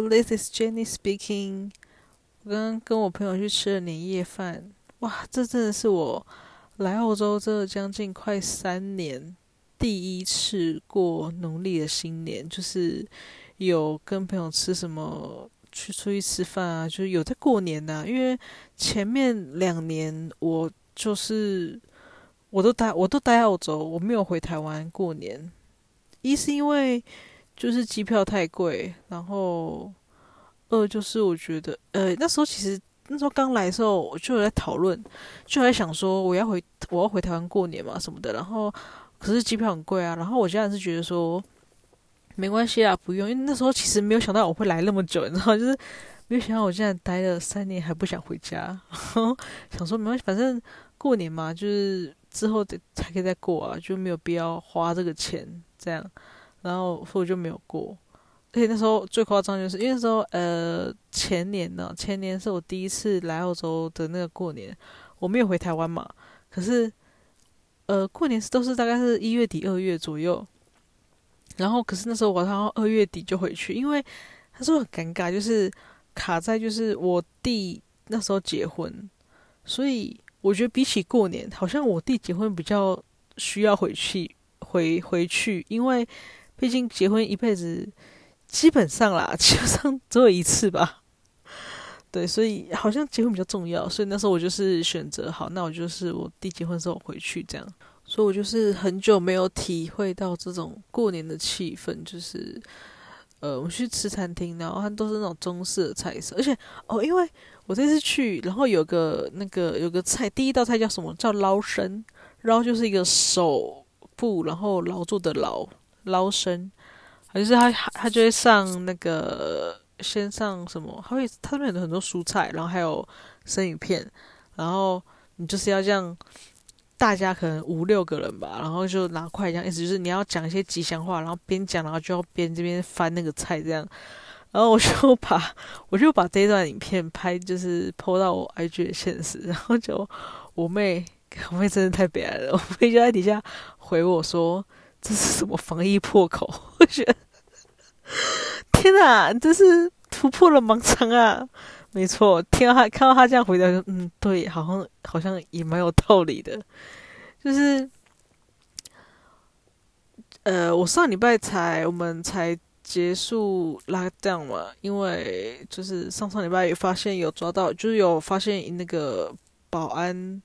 This is Jenny speaking。我剛剛跟我朋友去吃了年夜飯，哇，這真的是我來澳洲這將近快三年第一次過農曆的新年，就是有跟朋友吃什麼去出去吃飯啊，就是有在過年啊。因為前面兩年我就是我都待我都待澳洲，我沒有回台灣過年，一是因為。就是機票太貴，然後二、呃、就是我覺得，呃，那時候其實那時候剛來的時候，我就有在討論，就在想說我要回我要回台灣過年嘛什麼的，然後可是機票很貴啊，然後我家人是覺得說沒關係啊，不用，因為那時候其實沒有想到我會來那麼久，你知道嗎？就是沒有想到我現在待了三年還不想回家，呵呵想說沒關係，反正過年嘛，就是之後得才可以再過啊，就沒有必要花這個錢這樣。然後所以就沒有過，而且那時候最誇張就是因為那時候呃前年呢、啊，前年是我第一次來澳洲的那個過年，我沒有回台灣嘛。可是呃過年是都是大概是一月底二月左右，然後可是那時候我好像二月底就回去，因為他說很尷尬，就是卡在就是我弟那時候結婚，所以我覺得比起過年，好像我弟結婚比較需要回去回回去，因為。畢竟結婚一輩子，基本上啦，基本上只有一次吧。對，所以好像結婚比較重要，所以那時候我就是選擇好，那我就是我弟結婚之後回去這樣。所以我就是很久沒有體會到這種過年的氣氛，就是呃，我去吃餐廳，然後他都是那種中式的菜色，而且哦，因為我這次去，然後有個那個有個菜，第一道菜叫什麼？叫撈生，撈就是一個手部然後撈住的撈撈生，還是他他就會上那個先上什麼？他會他那邊有很多蔬菜，然後還有生魚片，然後你就是要這樣，大家可能五六個人吧，然後就拿筷子這樣，意思就是你要講一些吉祥話，然後邊講然後就要邊這邊翻那個菜這樣，然後我就把我就把這一段影片拍就是 PO 到我 IG 的限時，然後就我妹我妹真的太悲哀了，我妹就在底下回我說。這是什麼防疫破口？我覺得，天哪、啊，這是突破了盲腸啊！沒錯，聽到他，看到他這樣回答，嗯，對，好像好像也蠻有道理的，就是，呃，我上禮拜才我們才結束 lockdown 嘛，因為就是上上禮拜也發現有抓到，就是有發現那個保安。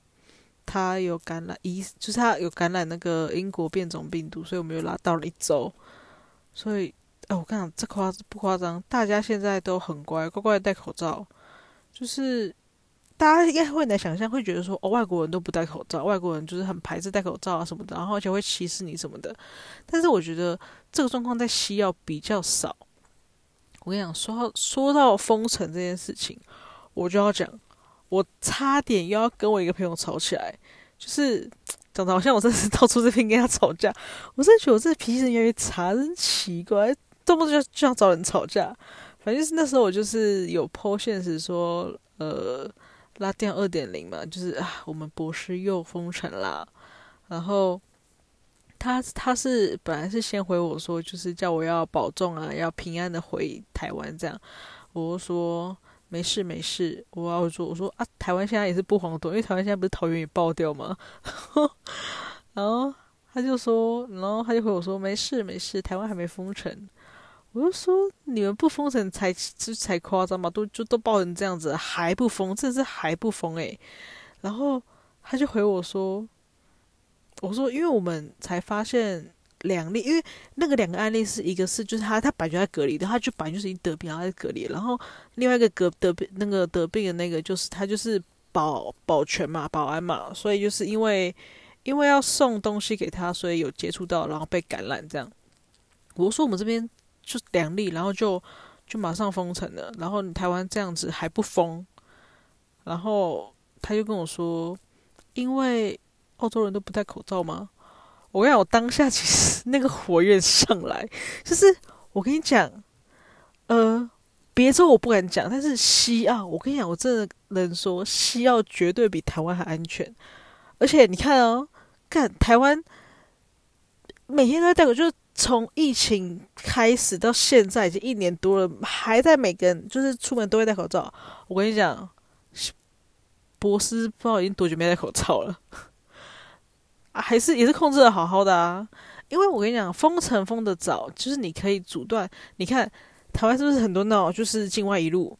他有感染，一就是他有感染那個英國變種病毒，所以我們又拉到了一周。所以，哎、哦，我跟你講，這誇這不誇張？大家現在都很乖，乖乖的戴口罩。就是大家應該會來想象，會覺得說，哦，外國人都不戴口罩，外國人就是很排斥戴口罩啊什麼的，然後而且會歧視你什麼的。但是我覺得這個狀況在西澳比較少。我跟你講，說到說到封城這件事情，我就要講。我差點又要跟我一個朋友吵起來，就是講的好像我真是到處這邊跟他吵架，我真的覺得我這脾氣越來越差，真奇怪，動不動就想找人吵架。反正就是那時候我就是有 PO 現實說，呃，拉掉二點零嘛，就是啊，我們博士又封城啦。然後他他是本來是先回我說，就是叫我要保重啊，要平安的回台灣這樣。我就說，沒事沒事，我要說我說啊，台灣現在也是不黃動，因為台灣現在不是桃園也爆掉嗎？ 然後他就說，然後他就回我說：“沒事沒事，台灣還沒封城。”我就說：“你們不封城才才，才誇張嘛，都就都爆成這樣子還不封，這是還不封哎、欸。”然後他就回我說：“我說，因為我們才發現。”兩例，因為那個兩個案例是一個是就是他他本來就在隔離的，他就本來就是已經得病然後在隔離，然後另外一個隔得病那個得病的那個就是他就是保保全嘛保安嘛，所以就是因為因為要送東西給他，所以有接觸到然後被感染這樣。我說我們這邊就兩例，然後就就馬上封城了，然後台灣這樣子還不封，然後他就跟我說，因為澳洲人都不戴口罩嗎？我跟你講，我當下其實那個火焰上來，就是我跟你講，呃，別說我不敢講，但是西澳，我跟你講，我真的能說西澳絕對比台灣還安全。而且你看哦，看台灣每天都在戴口罩，就是從疫情開始到現在已經一年多了，還在每個人就是出門都會戴口罩。我跟你講，博士不知道已經多久沒戴口罩了。啊，還是也是控制的好好的啊，因為我跟你講，封城封的早，就是你可以阻斷。你看台灣是不是很多那種就是境外一路，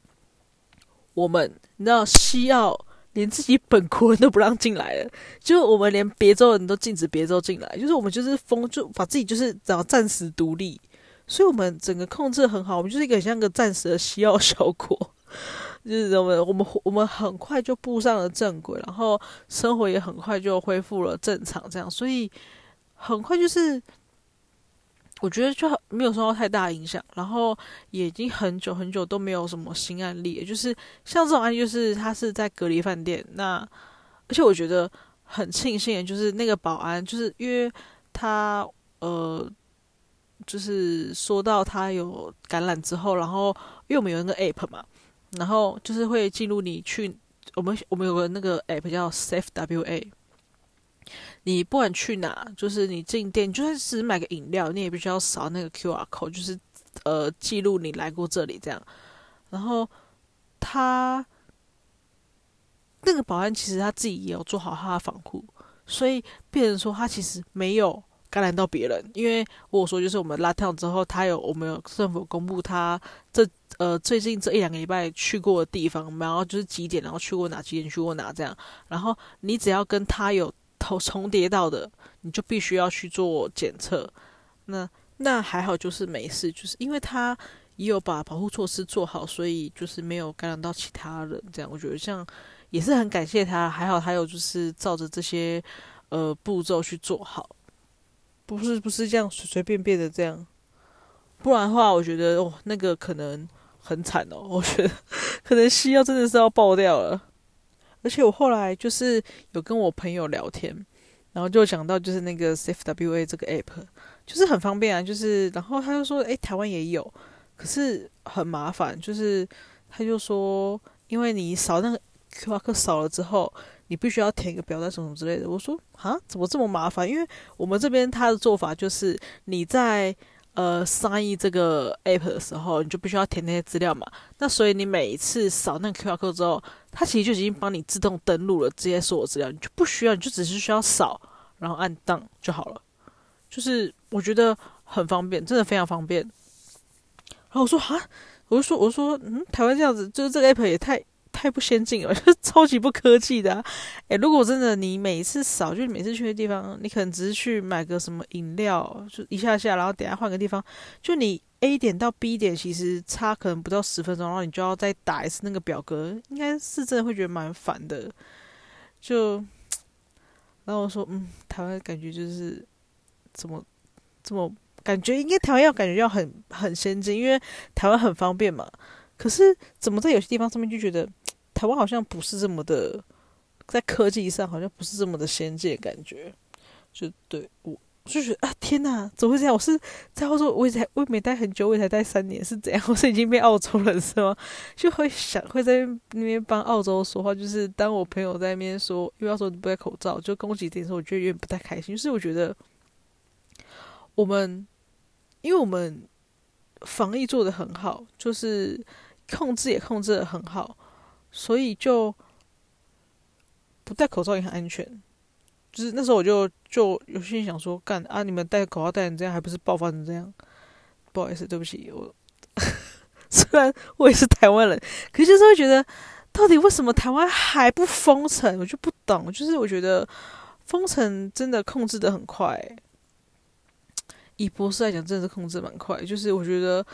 我們你知道西澳連自己本國人都不讓進來了，就我們連別州人都禁止別州進來，就是我們就是封，就把自己就是然後暫時獨立，所以我們整個控制得很好，我們就是一個很像一個暫時的西澳小國。就是我們我們我們很快就步上了正軌，然後生活也很快就恢復了正常，這樣，所以很快就是我覺得就沒有受到太大影響，然後也已經很久很久都沒有什麼新案例，就是像這種案例，就是他是在隔離飯店，那而且我覺得很慶幸就是那個保安，就是因為他呃，就是說到他有感染之後，然後因為我們有那個 app 嘛。然後就是會記錄你去，我們我們有個那個 app 叫 SafeWA，你不管去哪，就是你進店，就算是買個飲料，你也必須要掃那個 QR code，就是呃記錄你來過這裡這樣。然後他那個保安其實他自己也有做好他的防護，所以變成說他其實沒有。感染到別人，因為如果說就是我們拉燙之後，他有我們有政府公布他這呃最近這一兩個禮拜去過的地方，然後就是幾點，然後去過哪，幾點去過哪這樣。然後你只要跟他有頭重疊到的，你就必須要去做檢測。那那還好，就是沒事，就是因為他也有把保護措施做好，所以就是沒有感染到其他人。這樣我覺得像也是很感謝他，還好他有就是照着這些呃步驟去做好。不是不是這樣隨隨便便的這樣，不然的話，我覺得哦，那個可能很慘哦。我覺得可能西藥真的是要爆掉了。而且我後來就是有跟我朋友聊天，然後就講到就是那個 SafeWA 這個 app，就是很方便啊。就是然後他就說，誒、欸、台灣也有，可是很麻煩。就是他就說，因為你掃那個 Q R code 掃了之後。你必須要填一個表單什麼什麼之類的。我說啊，怎麼這麼麻煩？因為我們這邊他的做法就是你在呃，商議這個 app 的時候，你就必須要填那些資料嘛。那所以你每一次掃那個 QR code 之後，它其實就已經幫你自動登錄了，直接所有資料，你就不需要，你就只是需要掃，然後按檔就好了。就是我覺得很方便，真的非常方便。然後我說啊，我就說我就說嗯，台灣這樣子，就是這個 app 也太。太不先進了，就是超級不科技的啊。哎、欸，如果真的你每次掃，就每次去的地方，你可能只是去買個什麼飲料，就一下下，然後等一下換個地方，就你 A 點到 B 點，其實差可能不到十分鐘，然後你就要再打一次那個表格，應該是真的會覺得蠻煩的。就，然後我說，嗯，台灣感覺就是怎麼怎麼感覺，應該台灣要感覺要很很先進，因為台灣很方便嘛。可是怎麼在有些地方上面就覺得。台灣好像不是這麼的，在科技上好像不是這麼的先進，感覺就對，我就覺得啊，天吶，怎麼會這樣？我是在澳洲，我也才我也沒待很久，我才待三年，是怎樣？我是已經被澳洲人是嗎？就會想會在那邊幫澳洲說話，就是當我朋友在那邊說，因為要說你不戴口罩就攻擊的時候，我覺得有點不太開心。就是我覺得我們因為我們防疫做得很好，就是控制也控制得很好，所以就不戴口罩也很安全，就是那時候我就就有心想說，幹啊，你們戴口罩戴成這樣，還不是爆發成這樣？不好意思，對不起，我 雖然我也是台灣人，可是就是會覺得，到底為什麼台灣還不封城？我就不懂，就是我覺得封城真的控制得很快，欸，以博士來講，真的是控制蠻快，就是我覺得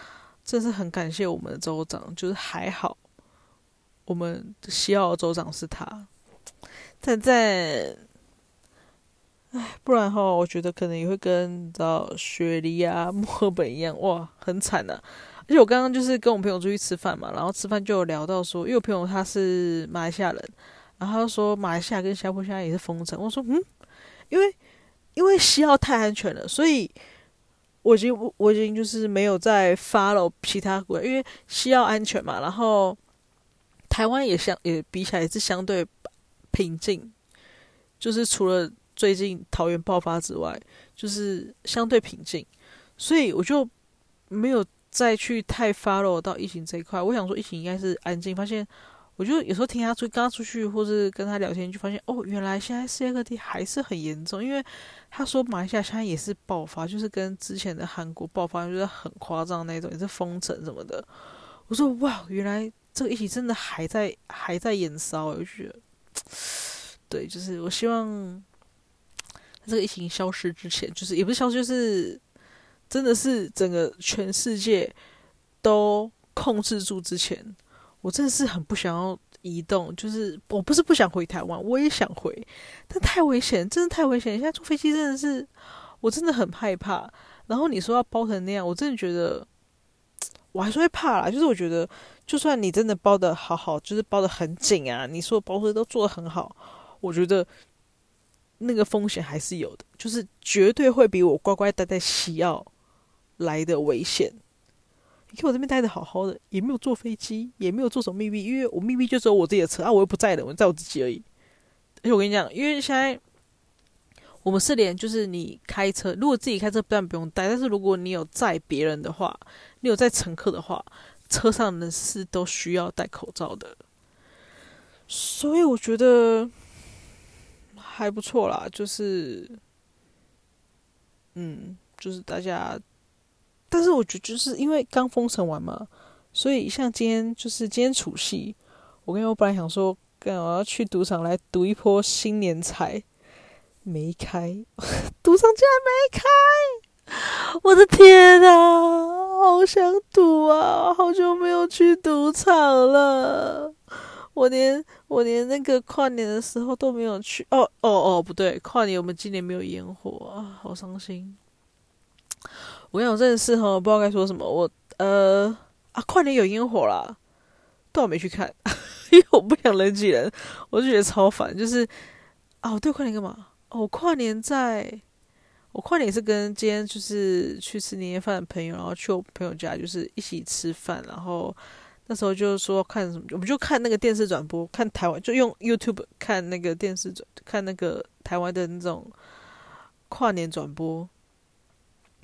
真是很感謝我們的州長，就是還好。我們的西澳的州長是他，但在唉，不然的話，我覺得可能也會跟到雪梨啊、墨爾本一樣，哇，很慘吶、啊。而且我剛剛就是跟我朋友出去吃飯嘛，然後吃飯就有聊到說，因為我朋友他是馬來西亞人，然後他說馬來西亞跟新加坡現在也是封城，我說嗯，因為因為西澳太安全了，所以我已經我已經就是沒有再 follow 其他國家，因為西澳安全嘛，然後。台灣也相也比起來也是相對平靜，就是除了最近桃園爆發之外，就是相對平靜，所以我就沒有再去太 follow 到疫情這一塊。我想說疫情應該是安靜，發現我就有時候聽他出剛剛出去，或是跟他聊天，就發現哦，原來現在世界各地還是很嚴重。因為他說馬來西亞現在也是爆發，就是跟之前的韓國爆發就是很誇張那種，也是封城什麼的。我說哇，原來。這個疫情真的還在還在延燒，我就覺得對，就是我希望這個疫情消失之前，就是也不是消失，就是真的是整個全世界都控制住之前，我真的是很不想要移動，就是我不是不想回台灣，我也想回，但太危險，真的太危險。現在坐飛機真的是我真的很害怕。然後你說要包成那樣，我真的覺得。我還是會怕啦，就是我覺得，就算你真的包的好好，就是包的很緊啊，你說包車都做的很好，我覺得那個風險還是有的，就是絕對會比我乖乖待在西澳來的危險。你看我這邊待的好好的，也沒有坐飛機，也沒有坐什麼秘密，因為我秘密就只有我自己的車啊，我又不在了，我就在我自己而已。而且我跟你講，因為現在。我們是連，就是你開車，如果自己開車不但不用戴，但是如果你有載別人的話，你有載乘客的話，車上人是都需要戴口罩的。所以我覺得還不錯啦，就是，嗯，就是大家，但是我覺得就是因為剛封城完嘛，所以像今天就是今天除夕，我跟我本來想說，我要去賭場來賭一波新年財。沒開，賭 場竟然沒開！ 我的天吶、啊，好想賭啊！好久沒有去賭場了， 我連我連那個跨年的時候都沒有去。哦哦哦，不對，跨年我們今年沒有煙火啊，好傷心！ 我跟你講，真的是吼，我不知道該說什麼。我呃啊，跨年有煙火啦，但我沒去看， 因為我不想人擠人，我就覺得超煩。就是啊，我對我，跨年幹嘛？我跨年在，我跨年也是跟今天就是去吃年夜飯的朋友，然後去我朋友家，就是一起吃飯。然後那時候就是說看什麼，我們就看那個電視轉播，看台灣就用 YouTube 看那個電視轉，看那個台灣的那種跨年轉播。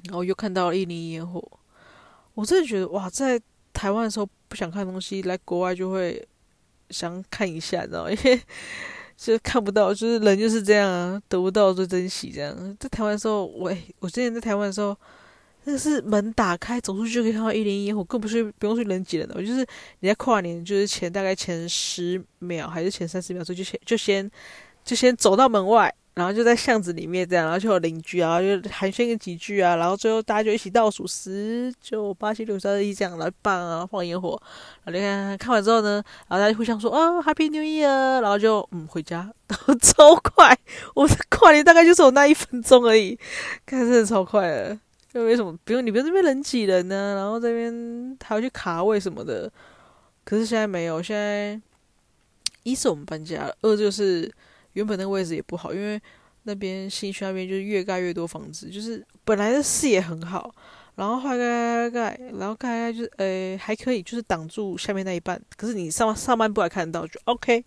然後又看到了一零一煙火，我真的覺得哇，在台灣的時候不想看東西，來國外就會想看一下，然後因為。就看不到，就是人就是這樣啊，得不到就珍惜這樣。在台灣的時候，我、欸、我之前在台灣的時候，那是門打開，走出去就可以看到一零一，我更不是不用去人擠人的，我就是人家跨年，就是前大概前十秒還是前三十秒，就先就先就先走到門外。然後就在巷子裡面這樣，然後就有鄰居啊，就寒暄個幾句啊，然後最後大家就一起倒數十就八七六三一這樣來辦啊放煙火。然後你看看，看完之後呢，然後大家互相說啊、哦、，Happy New Year，然後就嗯回家，然後超快。我的跨年大概就是我那一分鐘而已，看真的超快的，就為什麼不用，你不用這邊人擠人呢、啊，然後這邊還要去卡位什麼的。可是現在沒有，現在一是我們搬家，二就是。原本那個位置也不好，因為那邊新區那邊就是越蓋越多房子，就是本來的視野很好，然後蓋蓋蓋蓋，然後蓋蓋就是呃、欸、還可以，就是擋住下面那一半，可是你上上半部還看得到就 OK。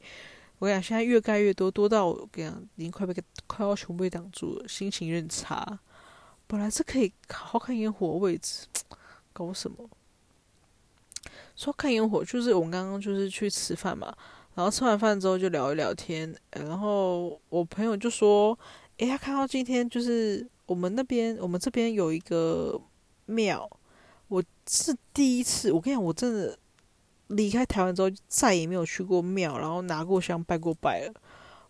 我跟你講現在越蓋越多，多到我跟你講已經快被快要全部被擋住了，心情有點差。本來是可以好好看煙火的位置，搞什麼？說看煙火就是我們剛剛就是去吃飯嘛。然後吃完飯之後就聊一聊天，然後我朋友就說：“哎，他看到今天就是我們那邊，我們這邊有一個廟，我是第一次。我跟你講，我真的離開台灣之後，再也沒有去過廟，然後拿過香拜過拜了。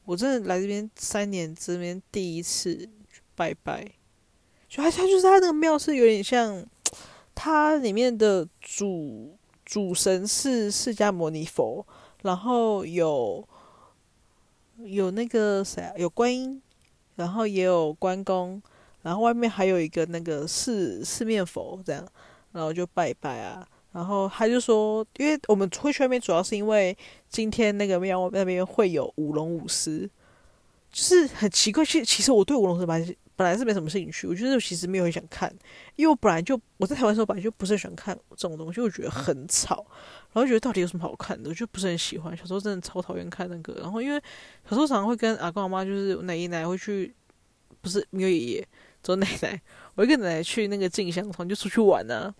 我真的來這邊三年，這邊第一次拜拜。就他他就是他那個廟是有點像，他裡面的主主神是釋迦牟尼佛。”然後有有那個誰啊，有觀音，然後也有關公，然後外面還有一個那個四四面佛，這樣，然後就拜拜啊。然後他就說，因為我們會去那邊，主要是因為今天那個廟那邊會有舞龍舞獅，就是很奇怪。其實，其實我對舞龍舞獅本來本來是沒什麼興趣，我覺得其實沒有很想看，因為我本來就我在台灣的時候本來就不是很喜歡看這種東西，我覺得很吵。然後覺得到底有什麼好看的？我就不是很喜歡。小時候真的超討厭看那個。然後，因為小時候常會跟阿公阿嬤，就是奶奶會去，不是，沒有爺爺只有奶奶，我一個奶奶去那個進香團就出去玩呢。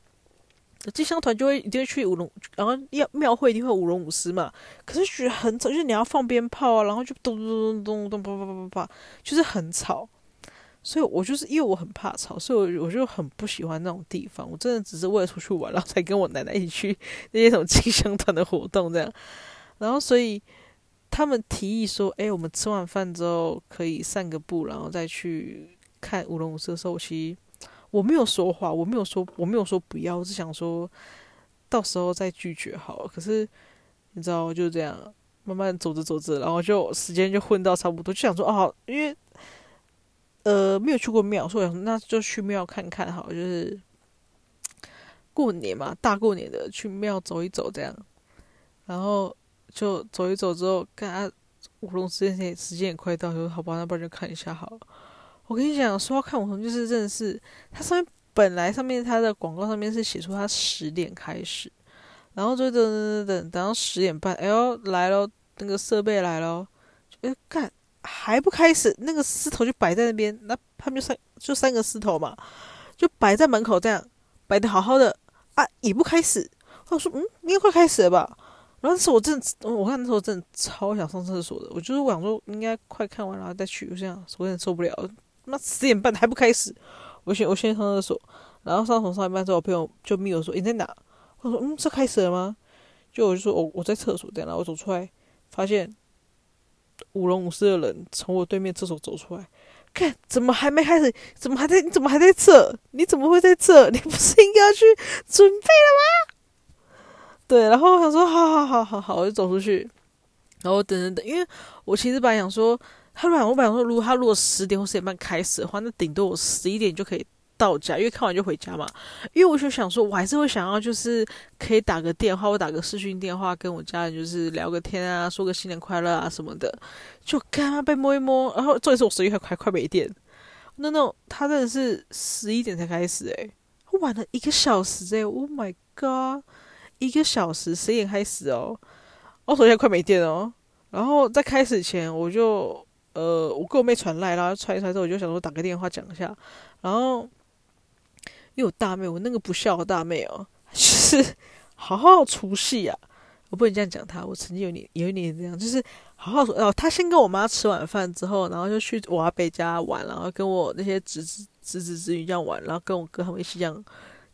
進香團就會一定會去舞龍，然後廟會一定會舞龍舞獅嘛。可是覺得很吵，就是你要放鞭炮啊，然後就咚咚咚咚咚啪啪啪啪啪，就是很吵。所以，我就是因為我很怕吵，所以我我就很不喜歡那種地方。我真的只是為了出去玩，然後才跟我奶奶一起去那些什麼進香團的活動這樣。然後，所以他們提議說：“哎、欸，我們吃完飯之後可以散個步，然後再去看舞龍舞獅的時候，我其實我沒有說話，我沒有說，我沒有說不要，我是想說到時候再拒絕好了。可是你知道，就這樣，慢慢走着走着，然後就時間就混到差不多，就想說啊、哦，因為。呃，沒有去過廟，所以那就去廟看看好，就是過年嘛，大過年的去廟走一走這樣，然後就走一走之後，干舞龍時間時間也快到，時候，好吧好，那不然就看一下好了。我跟你講，說要看舞龍就是真的是他它上面本來上面它的廣告上面是寫出它十點開始，然後就等等等等，等到十點半，然、哎、後來咯，那個設備來咯，就幹。欸還不開始，那個獅頭就擺在那邊，那他們就三就三個獅頭嘛，就擺在門口這樣，擺得好好的啊，也不開始。我說，嗯，應該快開始了吧？然後那時候我真的，我看那時候真的超想上廁所的，我就是我想說應該快看完然後再去。這樣，我有點受不了，那十點半還不開始，我先我先上廁所，然後上所上一半之後，我朋友就密我說，你、欸、在哪？我說，嗯，這開始了嗎？就我就說我我在廁所，這樣，然後我走出來，發現。舞龍舞獅的人從我對面廁所走出來，看怎麼還沒開始？怎麼還在？你怎麼還在這？你怎麼會在這？你不是應該要去準備了嗎？對，然後我想說，好好好好好，我就走出去。然後等等等，因為我其實本來想說，他們我本來想說，如果他如果十點或十點半開始的話，那頂多我十一點就可以。到我家，因為看完就回家嘛。因為我就想說，我還是會想要，就是可以打個電話，我打個視訊電話，跟我家人就是聊個天啊，說個新年快樂啊什麼的。就幹嘛被摸一摸，然後這一次我手機還快快沒電。No No，他真的是十一點才開始誒、欸，晚了一個小時哎、欸。Oh my god，一個小時十一點開始哦、喔，我手機快沒電哦、喔。然後在開始前，我就呃，我跟我妹傳賴，然後傳一傳之後，我就想說打個電話講一下，然後。又有大妹，我那個不孝的大妹哦、喔，就是好好出息呀、啊，我不能這樣講她。我曾經有年，有一年這樣，就是好好說哦，她先跟我媽吃晚飯之後，然後就去我阿伯家玩，然後跟我那些侄子、侄子、侄女這樣玩，然後跟我哥他們一起這樣，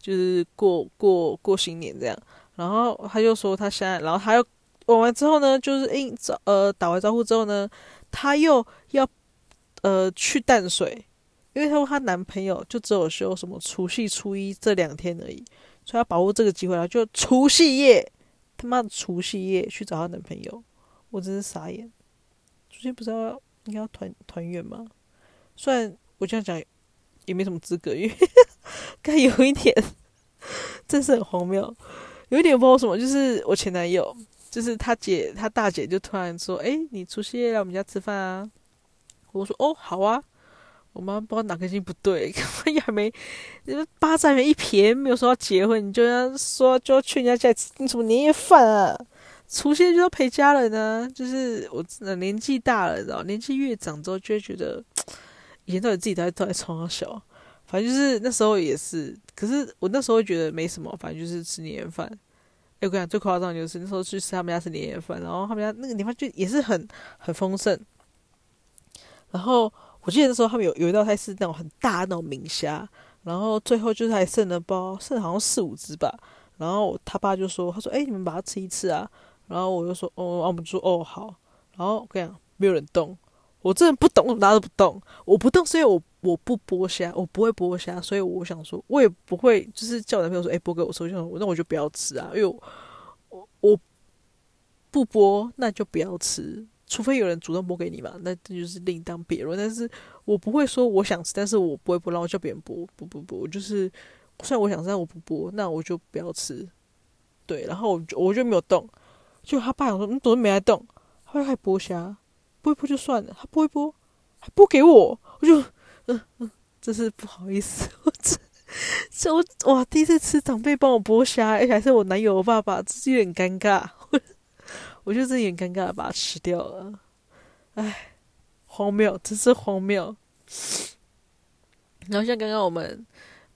就是過過過新年這樣。然後他就說他現在，然後他又玩完之後呢，就是應、欸、呃打完招呼之後呢，他又要呃去淡水。因為她問她男朋友就只有休什麼除夕初一這兩天而已，所以要把握這個機會了，然後就除夕夜，他媽的除夕夜去找她男朋友，我真是傻眼。除夕不知道應該要團團圓嗎？雖然我這樣講也沒什麼資格，因為剛有一點，真是很荒謬，有一點不知道什麼，就是我前男友，就是他姐他大姐就突然說，哎、欸，你除夕夜來我們家吃飯啊？我說，哦，好啊。我媽不知道哪根筋不對，萬一還沒八字沒一撇，沒有說要結婚，你就要說就要去人家家吃你什麼年夜飯啊？除夕就要陪家人呢、啊。就是我年紀大了，你知道年紀越長之後，就會覺得以前到底自己都在都在從小，反正就是那時候也是。可是我那時候覺得沒什麼，反正就是吃年夜飯。哎，我跟你講，最誇張的就是那時候去吃他們家吃年夜飯，然後他們家那個年飯就也是很很豐盛，然後。我記得那時候他們有有一道菜是那種很大那種明蝦，然後最後就是還剩了包，剩了好像四五隻吧。然後他爸就說：“他說，哎、欸，你們把它吃一次啊。”然後我就說：“哦、嗯啊，我們說哦好。”然後我跟你講，沒有人動。我真的不懂，怎麼大家都不動？我不動是因為我我不剝蝦，我不會剝蝦，所以我想說，我也不會就是叫我男朋友說：“哎、欸，剝給我吃。我說”那我就不要吃啊，因為我我，我不剝，那就不要吃。除非有人主動剝給你嘛，那這就是另當別論。但是我不會說我想吃，但是我不會不讓我叫別人剝，不不不，我就是雖然我想吃，但我不剝，那我就不要吃。對，然後我就我就沒有動。就他爸想說，你怎麼沒來動？他要來剝蝦，不會剝就算了。他剝一剝，還剝給我，我就嗯嗯，真是不好意思。呵呵這我這我哇，第一次吃長輩幫我剝蝦，而且還是我男友的爸爸，自己有點尷尬。我就一臉尷尬的把它吃掉了，哎，荒謬，真是荒謬。然後像剛剛我們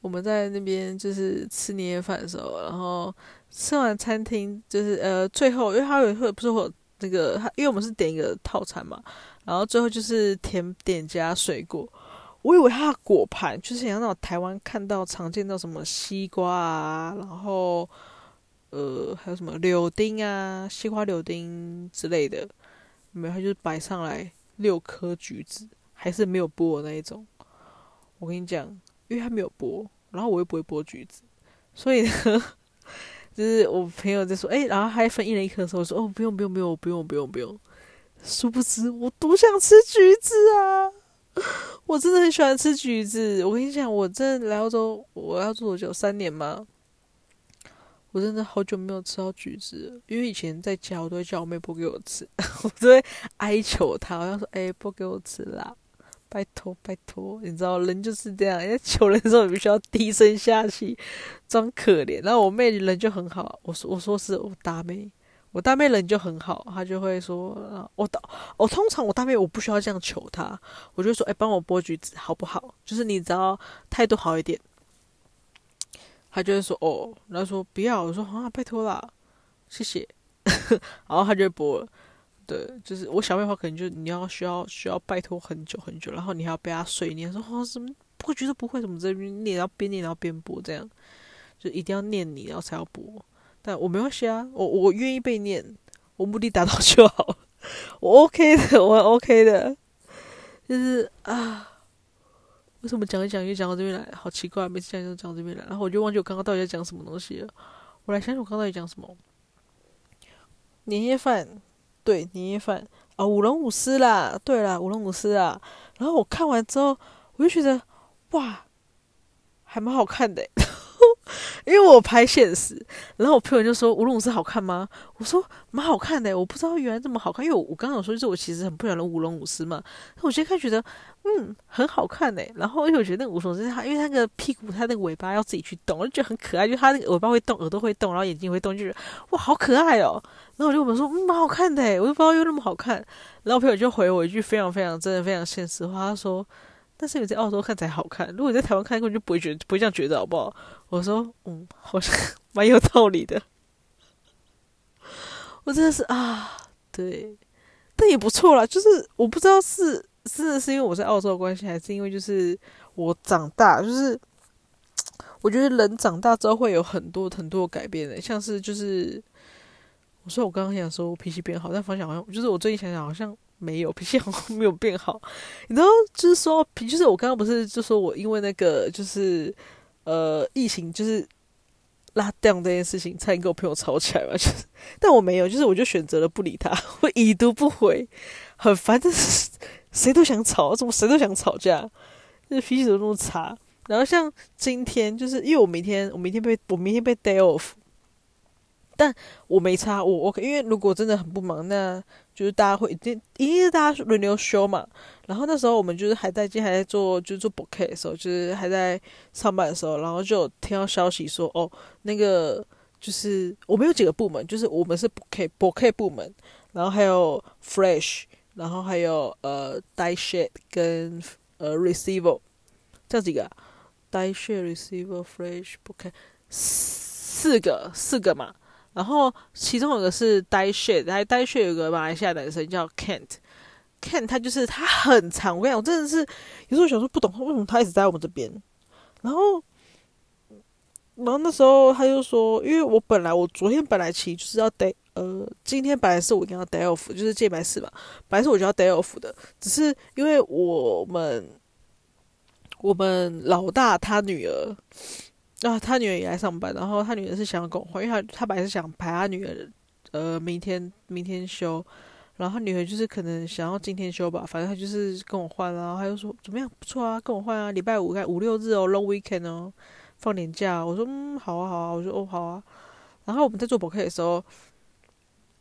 我們在那邊就是吃年夜飯的時候，然後吃完餐廳就是呃最後，因為他有會不是會那個因為我們是點一個套餐嘛，然後最後就是甜點加水果，我以為他的果盤就是像那種台灣看到常見到什麼西瓜啊，然後。呃，還有什麼柳丁啊、西瓜柳丁之類的，沒有，它就擺上來六顆橘子，還是沒有剝那一種。我跟你講，因為它沒有剝，然後我又不會剝橘子，所以呢，就是我朋友在說，哎、欸，然後還分一人一顆的時候，我說哦，不用不用不用，不用不用，不用，不，用不用。殊不知，我多想吃橘子啊！我真的很喜歡吃橘子。我跟你講，我這來澳洲，我要住多久？三年嗎？我真的好久沒有吃到橘子，因為以前在家我都會叫我妹剝給我吃，我都會哀求她，我要說，哎、欸，剝給我吃啦，拜託拜託，你知道人就是這樣，人家求人的時候你不需要低聲下氣，裝可憐。然後我妹人就很好，我說我說是我大妹，我大妹人就很好，她就會說，我，我、哦、通常我大妹我不需要這樣求她，我就說，哎、欸，幫我剝橘子好不好？就是你只要態度好一點。他就會說哦，然後說不要，我說啊，拜托啦，謝謝。 然後他就會播了，對，就是我小妹的話，可能就你要需要需要拜托很久很久，然後你還要被他碎念，說好、啊，什麼不會覺得不會什麼這邊念，然後邊念然後邊播這樣，就一定要念你，然後才要播。但我沒關係啊，我我願意被念，我目的達到就好，我 OK 的，我 OK 的，就是啊。為什麼講一講又講到這邊來？好奇怪！每次講就講到這邊來，然後我就忘記我剛剛到底在講什麼東西了。我來想想我剛剛到底講什麼。年夜飯，對，年夜飯啊，舞龍舞獅啦，對啦，舞龍舞獅啊。然後我看完之後，我就覺得哇，還蠻好看的欸。因為我拍現實，然後我朋友就說，舞龍舞獅好看嗎？我說蠻好看的，我不知道原來這麼好看。因為我，我剛剛有說就是我其實很不喜歡的舞龍舞獅嘛，那我開始覺得嗯，很好看的，然後因為我覺得那個舞龍舞獅因為，他因為他那個屁股它那個尾巴要自己去動，我就覺得很可愛，就它是那個尾巴會動，耳朵會動，然後眼睛會動，就是哇好可愛哦。然後我就問我說嗯，蠻好看的，我就不知道又那麼好看。然後我朋友就回我一句非常非常真的非常現實話，他說。但是你在澳洲看才好看，如果你在台灣看，根本就不會覺得，不會這樣覺得，好不好？我說，嗯，好像蠻有道理的。我真的是啊，對，但也不錯啦。就是我不知道是是是因為我在澳洲的關係，還是因為就是我長大，就是我覺得人長大之後會有很多很多改變的、欸，像是就是我說我剛剛想說我脾氣變好，但方向好像就是我最近想想好像。沒有脾氣好像沒有變好，你知道，就是說，就是我剛剛不是就說我因為那個就是呃疫情就是拉 down 這件事情，差點跟我朋友吵起來嘛，就是但我沒有，就是我就選擇了不理他，我已讀不回，很煩，就是誰都想吵，怎麼誰都想吵架，就是脾氣都那麼差。然後像今天就是因為我明天我明天被我明天被 day off，但我沒差，我我、OK, 因為如果真的很不忙那。就是大家會一定一定是大家輪流休嘛，然後那時候我們就是還在進還在做就是、做 bookcase 的時候，就是還在上班的時候，然後就有聽到消息說哦，那個就是我們有幾個部門，就是我們是 bookcase bookcase 部門，然後還有 fresh 然後還有呃 die sheet 跟呃、uh, receiver，這幾個、啊、，die sheet receiver fresh bookcase，四個四個嘛。然後其中有個是 day shift，day shift 有個馬來西亞男生叫 Kent，Kent 他就是他很長，我跟你講，我真的是有時候我想說不懂他為什麼他一直在我們這邊。然後，然後那時候他就說，因為我本來我昨天本來其實就是要 day，呃，今天本來是我應該要 day off，就是戒白絲嘛，本來是我就要 day off 的，只是因為我們我們老大他女兒。然後、啊、他女兒也來上班，然後他女兒是想要跟我換，因為他他本來是想排他女兒，呃，明天明天休，然後他女兒就是可能想要今天休吧，反正他就是跟我換啦、啊，然後他就說怎麼樣不錯啊，跟我換啊，禮拜五、該五六日哦，Long Weekend 哦，放點假、啊。我說嗯，好啊好啊，我說哦好啊。然後我們在做博客、ok、的時候，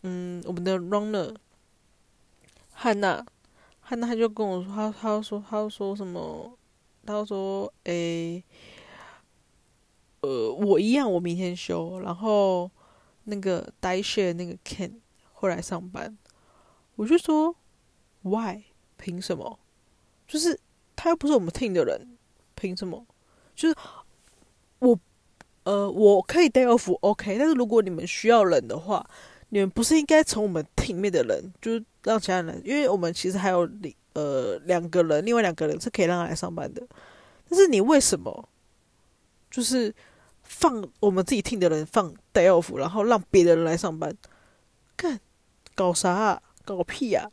嗯，我們的 Runner 漢娜，漢娜就跟我說，她她說她說什麼，她說誒。欸呃，我一樣，我明天休。然後那個代 share 那個 Ken 會來上班，我就說 Why？憑什麼？就是他又不是我們 team 的人，憑什麼？就是我，呃，我可以 day off OK，但是如果你們需要人的話，你們不是應該從我們 team 裡面的人，就是讓其他人，因為我們其實還有呃兩個人，另外兩個人是可以讓他來上班的。但是你為什麼就是？放我們自己聽的人放 day off，然後讓別的人來上班，幹搞啥啊？搞個屁呀！啊！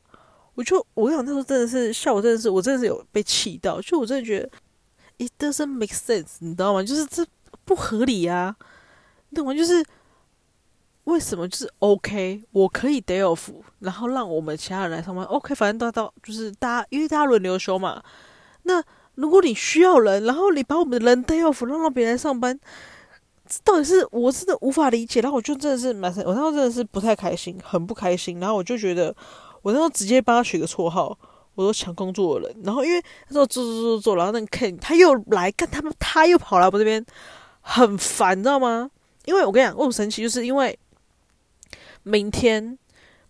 我就我想那時候真的是笑，我真的是我真的是有被氣到，就我真的覺得 it doesn't make sense，你知道嗎？就是這是不合理啊！你懂嗎？就是為什麼就是 OK 我可以 day off，然後讓我們其他人來上班 OK，反正到到就是大家因為大家輪流休嘛。那如果你需要人，然後你把我們的人 day off，然後讓別人來上班。這到底是我真的無法理解，然後我就真的是蠻，我那時候真的是不太開心，很不開心。然後我就覺得，我那時候直接幫他取個綽號，我都搶工作的人。然後因為他說做做做做，然後那個 Ken 他又來幹他們，他又跑來我這邊，很煩，你知道嗎？因為我跟你講，我很神奇，就是因為明天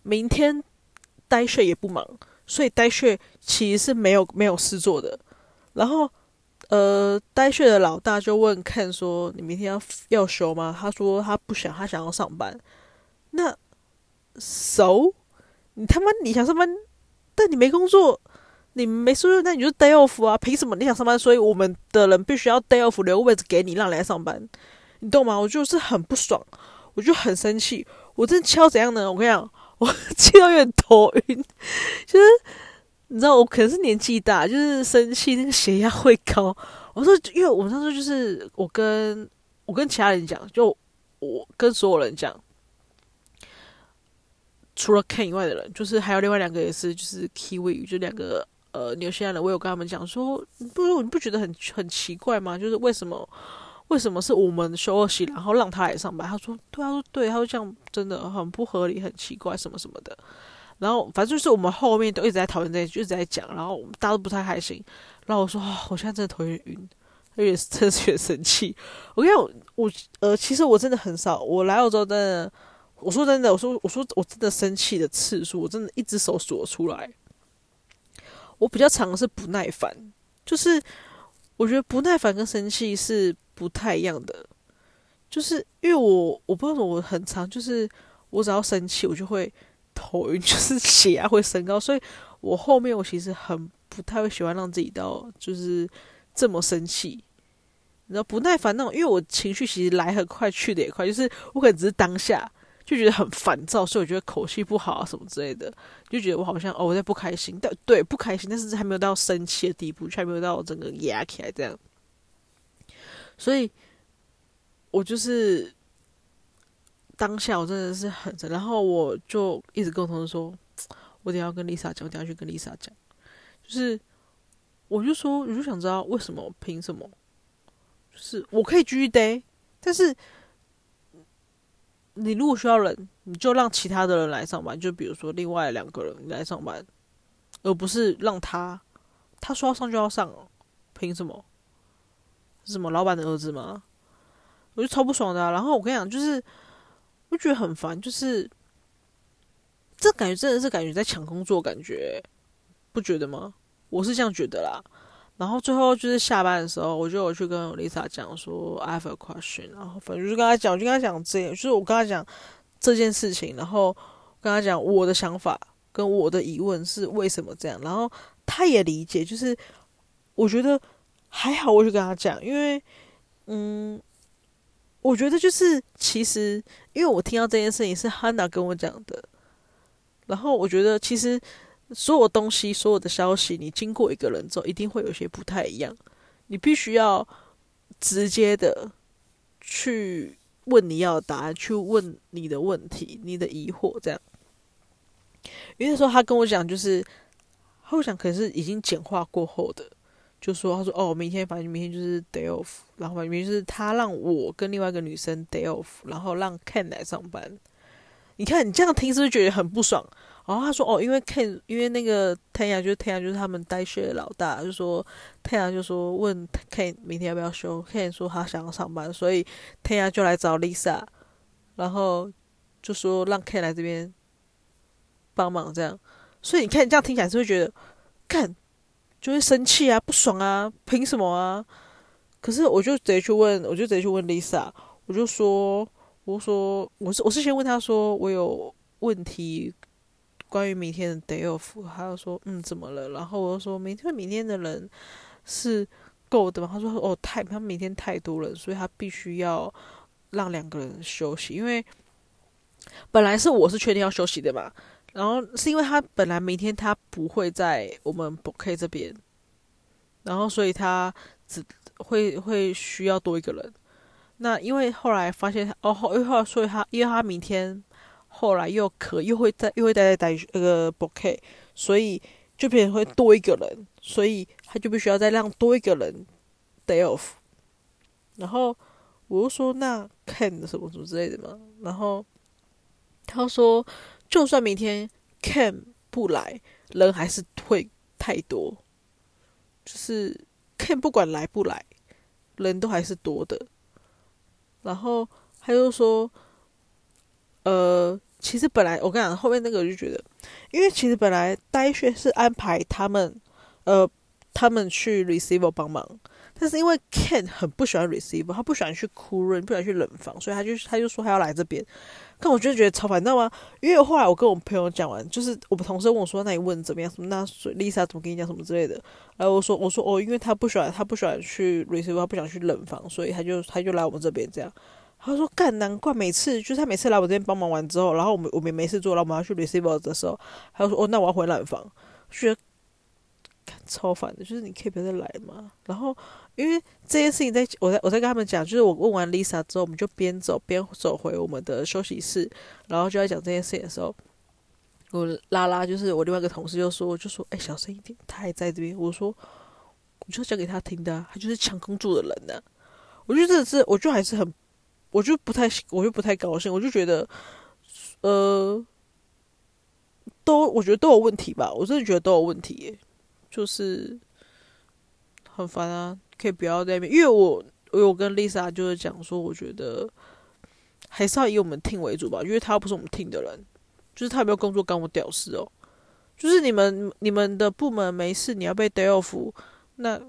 明天呆睡也不忙，所以呆睡其實是沒有沒有事做的。然後。呃，呆學的老大就問 Ken 說：“你明天要要休嗎？”他說：“他不想，他想要上班。那”那，o、so, 你他媽你想上班，但你沒工作，你沒收入，那你就是 day off 啊！憑什麼你想上班？所以我們的人必須要 day off，留個位置給你，讓你來上班，你懂嗎？我就是很不爽，我就很生氣，我正敲怎樣呢？我跟你講，我氣到有點頭暈，其實。你知道我可能是年紀大，就是生氣那個血壓會高。我說，因為我上次就是我跟我跟其他人講，就我跟所有人講，除了 Ken 以外的人，就是還有另外兩個也是，就是 Kiwi 就兩個呃紐西蘭人，我有跟他們講說，不如你不覺得很很奇怪嗎？就是為什麼為什麼是我們休息，然後讓他來上班？他說對，他說對，他說這樣真的很不合理，很奇怪，什麼什麼的。然後反正就是我們後面都一直在討論這件事，一直在講，然後大家都不太開心。然後我說：“哦，我現在真的頭暈，有點，真的是有點生氣，我跟你講”我跟我我呃，其實我真的很少，我來澳洲真的，我說真的，我說我說，我說我真的生氣的次數，我真的一只手數得出來。我比較常的是不耐煩，就是我覺得不耐煩跟生氣是不太一樣的，就是因為我我不知道為什麼我很常，就是我只要生氣我就會。頭暈就是血壓會升高，所以我後面我其實很不太會喜歡讓自己到就是這麼生氣，你知道不耐煩那種，因為我情緒其實來很快去的也快，就是我可能只是當下就覺得很煩躁，所以我覺得口氣不好啊什麼之類的，就覺得我好像哦我在不開心，但對，對不開心，但是還沒有到生氣的地步，就還沒有到整個壓起來這樣，所以，我就是。當下我真的是很，然後我就一直跟同事說，我等一下要跟 Lisa 講，我等一下去跟 Lisa 講，就是我就說，我就想知道為什麼，憑什麼？就是我可以 g day，但是你如果需要人，你就讓其他的人來上班，就比如說另外兩個人來上班，而不是讓他，他說要上就要上，憑什麼？是什麼老闆的兒子嗎？我就超不爽的啊。然後我跟你講，就是。我覺得很煩，就是這感覺真的是感覺在搶工作，感覺不覺得嗎？我是這樣覺得啦。然後最後就是下班的時候，我就我去跟 Lisa 講說 I have a question，然後反正就跟他講，我就跟他講這樣，就是我跟他講這件事情，然後跟他講我的想法跟我的疑問是為什麼這樣，然後他也理解，就是我覺得還好，我去跟他講，因為嗯。我覺得就是，其實因為我聽到這件事情是漢娜跟我講的，然後我覺得其實所有東西、所有的消息，你經過一個人之後，一定會有些不太一樣。你必須要直接的去問你要的答案，去問你的問題、你的疑惑，這樣。因為那時候他跟我講，就是後想，可能是已經簡化過後的。就說他說哦，明天反正明天就是 day off，然後反正明天就是他讓我跟另外一個女生 day off，然後讓 Ken 來上班。你看你這樣聽是不是覺得很不爽？然後他說哦，因為 Ken 因為那個太陽就是太陽就是他們 day shift 的老大，就說太陽就說問 Ken 明天要不要休，Ken 說他想要上班，所以太陽就來找 Lisa，然後就說讓 Ken 來這邊幫忙這樣。所以你看你這樣聽起來是不是覺得 Ken？就會生氣啊，不爽啊，憑什麼啊？可是我就直接去問，我就直接去問 Lisa，我就說，我說我是我是先問他說我有問題，關於明天的 Day Off 他就說嗯怎麼了？然後我就說明天因為明天的人是夠的嘛，他說哦太他明天太多了，所以他必須要讓兩個人休息，因為本來是我是確定要休息的嘛。然後是因為他本來明天他不會在我們 book 這邊，然後所以他只會會需要多一個人。那因為後來發現他哦後又後來所以他因為他明天後來又可又會在又會待在待那個 book 所以這邊會多一個人，所以他就必須要再讓多一個人 day off。然後我又說，那 Ken 什麼什麼之類的嘛，然後他說。就算明天 Cam 不來，人還是會太多。就是 Cam 不管來不來，人都還是多的。然後他就說：“呃，其實本來我跟你講，後面那個我就覺得，因為其實本來大學是安排他們，呃，他們去 receive 幫忙。”但是因為 Ken 很不喜歡 receiver，他不喜歡去 cool room，不喜歡去冷房，所以他就他就說他要來這邊。但我就覺得超煩，你知道嗎？因為後來我跟我朋友講完，就是我們同事問我說：“那你問怎麼樣？什麼那 Lisa 怎麼跟你講什麼之類的？”然後我說：“我說哦，因為他不喜歡他不喜歡去 receiver，不想去冷房，所以他就他就來我們這邊這樣。”他說：“幹難怪每次就是他每次來我這邊幫忙完之後，然後我們我們沒事做，然後我們要去 receiver 的時候，他就說：‘哦，那我要回冷房。’就覺得超煩的，就是你可以不要再來嘛。然後。因為這件事情，在我在我在跟他們講，就是我問完 Lisa 之後，我們就邊走邊走回我們的休息室，然後就在講這件事情的時候，我拉拉就是我另外一個同事就說，我就說，哎、欸，小聲一點，他還在這邊。我說，我就講給他聽的，啊，他就是搶工作的人吶，啊，我就真的是，我就還是很，我就不太，我就不太高興，我就覺得，呃，都我覺得都有問題吧，我真的覺得都有問題，欸，就是。很煩啊，可以不要在那邊，因為我我有跟 Lisa 就是講說，我覺得還是要以我們 team 為主吧，因為他又不是我們 team 的人，就是他沒有工作，干我屌事哦，就是你們你們的部門沒事，你要被 day off 那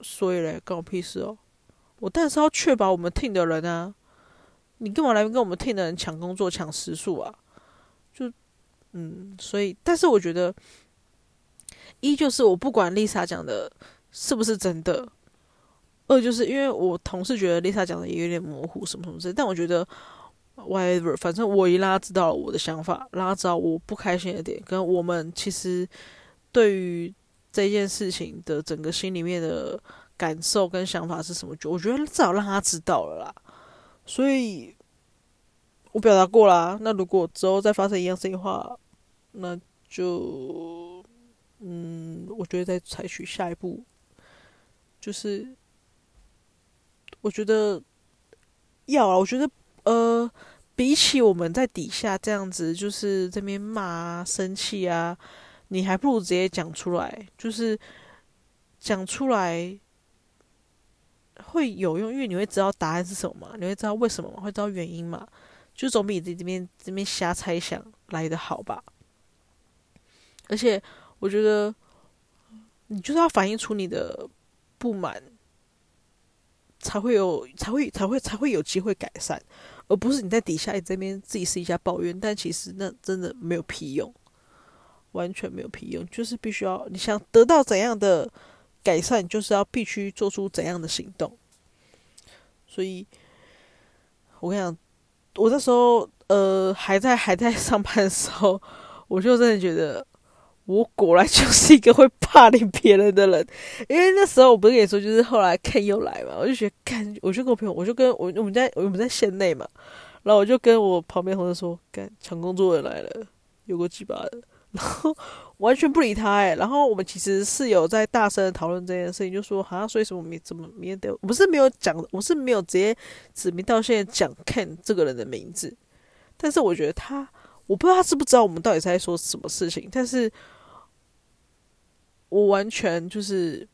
所以嘞，關我屁事哦。我但是要確保我們 team 的人啊，你幹嘛來跟我們 team 的人搶工作搶時數啊？就嗯，所以但是我覺得，一就是我不管 Lisa 講的。是不是真的？二就是因為我同事覺得麗莎講的也有點模糊，什麼什麼之類。但我覺得，whatever，反正我一讓他知道了我的想法，讓他知道我不開心的點，跟我們其實對於這件事情的整個心裡面的感受跟想法是什麼。就我覺得至少讓他知道了啦。所以我表達過啦。那如果之後再發生一樣事情的話，那就嗯，我覺得再採取下一步。就是，我覺得要啊。我覺得呃，比起我們在底下這樣子，就是這邊罵啊、生氣啊，你還不如直接講出來。就是講出來會有用，因為你會知道答案是什麼嘛，你會知道為什麼嘛，會知道原因嘛。就總比你這邊這邊瞎猜想來得好吧。而且，我覺得你就是要反映出你的。不滿，才會有，才會，才會，才會有機會改善，而不是你在底下這邊自己私底下抱怨，但其實那真的沒有屁用，完全沒有屁用，就是必須要你想得到怎樣的改善，就是要必須做出怎樣的行動。所以，我跟你講，我那時候呃還在還在上班的時候，我就真的覺得。我果然就是一個會霸凌別人的人，因為那時候我不是跟你說，就是後來 K 又來嘛，我就覺得，我就跟我朋友，我就跟我我們家我們在縣內嘛，然後我就跟我旁邊同事說，幹搶工作的來了，有個雞巴的，然後完全不理他誒、欸，然後我們其實是有在大聲討論這件事情，就說好像說為什麼沒怎麼沒得，我不是沒有講，我是沒有直接指名道姓講 K 這個人的名字，但是我覺得他，我不知道他知不知道我們到底在說什麼事情，但是。我完全就是，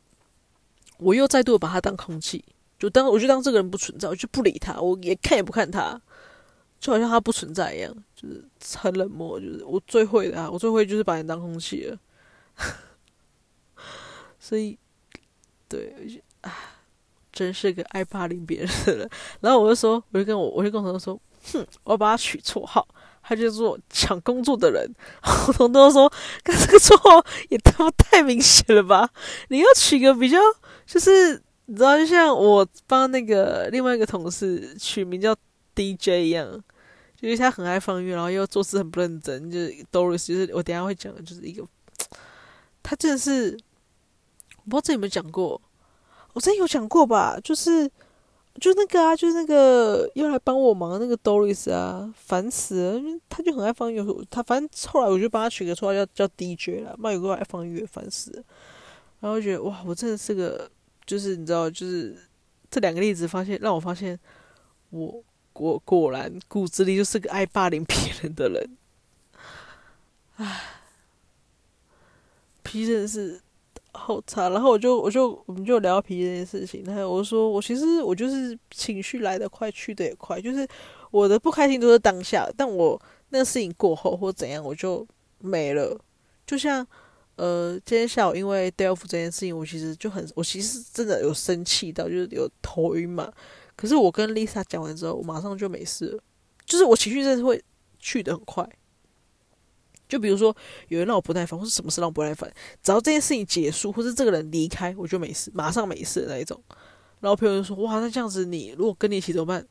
我又再度把他當空氣，就當我就當這個人不存在，我就不理他，我也看也不看他，就好像他不存在一樣，就是很冷漠。就是我最會的啊，我最會就是把人當空氣了。 所以，對啊，真是個愛霸凌別人的人。 然後我就說，我就跟我，我就跟我同學說，哼，我要把他取綽號。他就做搶工作的人，我 同桌說：“幹這個綽號也他媽太明顯了吧？你要取個比較，就是你知道，就像我幫那個另外一個同事取名叫 DJ 一樣，就是他很愛放音樂，然後又做事很不認真，就是 Doris，就是我等一下會講的，就是一個他真的是，我不知道這有沒有講過，我真有講過吧？就是。”就那個啊，就是那個要來幫我忙的那個 Doris 啊，煩死了！因為他就很愛放音樂，他反正後來我就幫他取個綽號叫叫 DJ 了。媽，有個愛放音樂，煩死！了，然後我覺得哇，我真的是個，就是你知道，就是這兩個例子，發現讓我發現我，我果果然骨子裡就是個愛霸凌別人的人，唉，別人是。好差，然後我就我就我們就聊脾氣這件事情，然後我就說我其實我就是情緒來得快去得也快，就是我的不開心都是當下，但我那事情過後或怎樣我就沒了。就像呃，今天下午因為 Delph 這件事情，我其實就很我其實真的有生氣到，就是有頭暈嘛。可是我跟 Lisa 講完之後，我馬上就沒事了，就是我情緒真的是會去得很快。就比如說，有人讓我不耐煩，或是什麼事讓我不耐煩，只要這件事情結束，或是這個人離開，我就沒事，馬上沒事那一種。然後朋友就說：“哇，那這樣子你，你如果跟你一起怎麼辦？”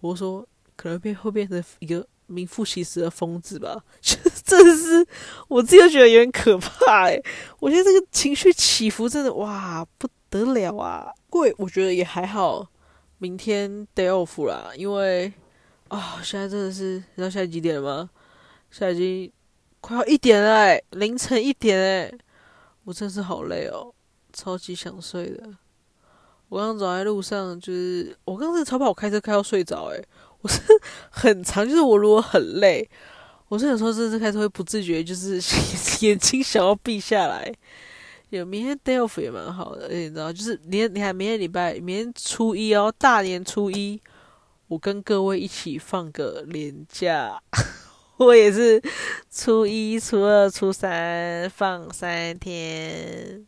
我說：“可能被會，會變成一個名副其實的瘋子吧。 ”真的是，我自己都覺得有點可怕哎、欸。我覺得這個情緒起伏真的哇不得了啊！貴。我覺得也還好，明天 day off 啦，因為啊、哦，現在真的是你知道現在幾點了嗎？現在已經。快要一點了，欸，凌晨一點哎，欸，我真是好累哦，喔，超級想睡的。我剛走在路上，就是我剛才超怕我開車，快要睡着哎，欸。我是很常，就是我如果很累，我是有時候真是開車會不自覺，就是眼睛想要閉下來。有明天 day off 也蠻好的，你知道，就是你你看，明天禮拜，明天初一哦，喔，大年初一，我跟各位一起放個年假。我也是初一、初二、初三放三天，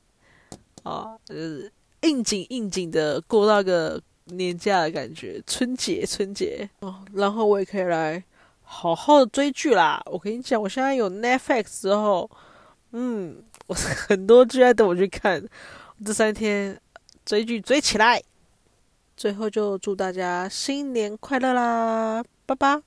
哦，就是應景應景的過那個年假的感覺。春節，春節哦，然後我也可以來好好的追劇啦。我跟你講，我現在有 Netflix 之後，嗯，我很多劇要等我去看。這三天追劇追起來，最後就祝大家新年快樂啦！拜拜。